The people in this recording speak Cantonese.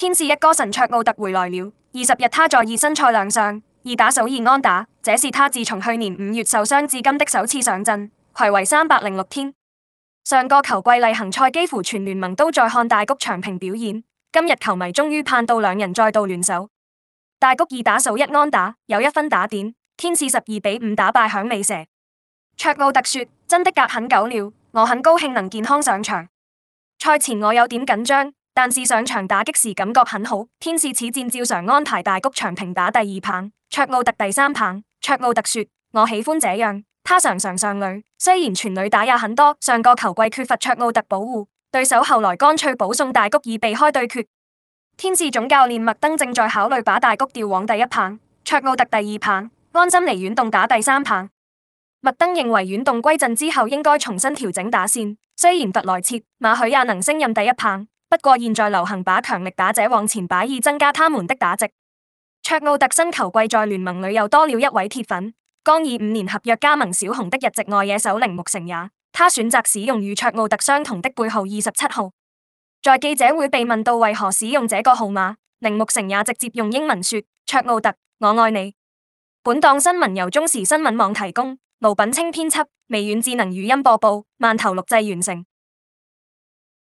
天使一哥神卓奧特回來了。二十日，他在熱身賽亮相，二打數二安打，這是他自從去年五月受傷至今的首次上陣，暌違三百零六天。上個球季例行賽幾乎全聯盟都在看大谷翔平表演，今日球迷終於盼到兩人再度聯手，大谷二打數一安打，有一分打點，天使十二比五打敗響尾蛇。卓奧特說：真的隔很久了，我很高興能健康上場，賽前我有點緊張。但是上場打擊時感覺很好。天使此戰照常安排大谷翔平打第二棒，卓奧特第三棒。卓奧特說：我喜歡這樣。他常常上壘，雖然全壘打也很多。上個球季缺乏卓奧特保護，對手後來乾脆保送大谷以避開對決。天使總教練麥登正在考慮把大谷調往第一棒，卓奧特第二棒，安貞尼軟動打第三棒。麥登認為軟動歸陣之後應該重新調整打線，雖然弗萊切馬許也能升任第一棒。不過現在流行把強力打者往前擺，以增加他們的打席。卓奧特新球季在聯盟裏又多了一位鐵粉，剛以五年合約加盟小熊的日籍外野手鈴木誠也，他選擇使用與卓奧特相同的背號二十七號。在記者會被問到為何使用這個號碼，鈴木誠也直接用英文說：卓奧特，我愛你。本檔新聞由中時新聞網提供，盧品清編輯，微軟智能語音播報，慢頭錄製完成。